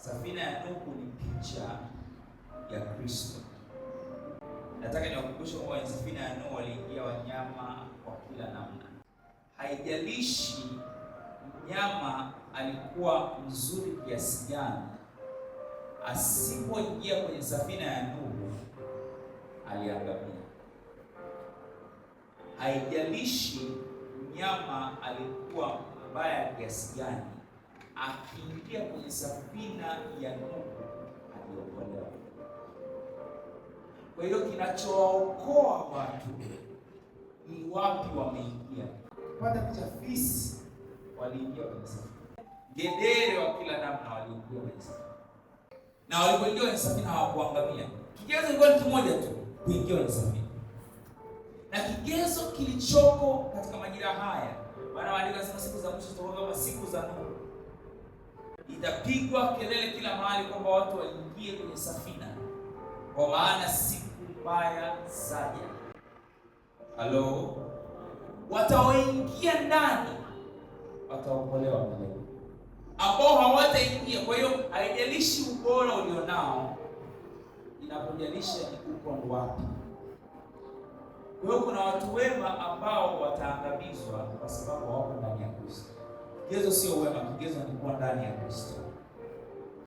Safina ya Nuhu ni picha ya Kristo. Nataka niwakumbushe kwamba kwenye safina ya Nuhu waliingia wanyama wa kila namna. Haijalishi mnyama alikuwa mzuri kiasi gani, asipoingia kwenye safina ya Nuhu aliangamia. Haijalishi mnyama alikuwa mbaya kiasi gani akiingia kwenye safina ya Nuhu aliokolewa. Kwa hiyo kinachowaokoa watu ni wapi wameingia. Kwanza picha, fisi waliingia kwenye safina, ngedere wa kila namna waliingia kwenye safina, na walipoingia kwenye safina hawakuangamia. Kigezo ilikuwa ni kimoja tu, kuingia kwenye safina, na kigezo kilichoko katika majira haya, maana maandiko yanasema siku za mwisho zitakuwa kama siku za Nuhu itapigwa kelele kila mahali kwamba watu waingie kwenye safina, kwa maana siku mbaya zaja. Halo, wataoingia ndani wataokolewa mle, ambao hawataingia. Kwa hiyo haijalishi ubora ulionao, inapojalisha uko wapi. Kwa hiyo kuna watu wema ambao wataangamizwa kwa sababu hawako ndani ya Kristo. Kigezo sio wema, kigezo ni kuwa ndani ya Kristo.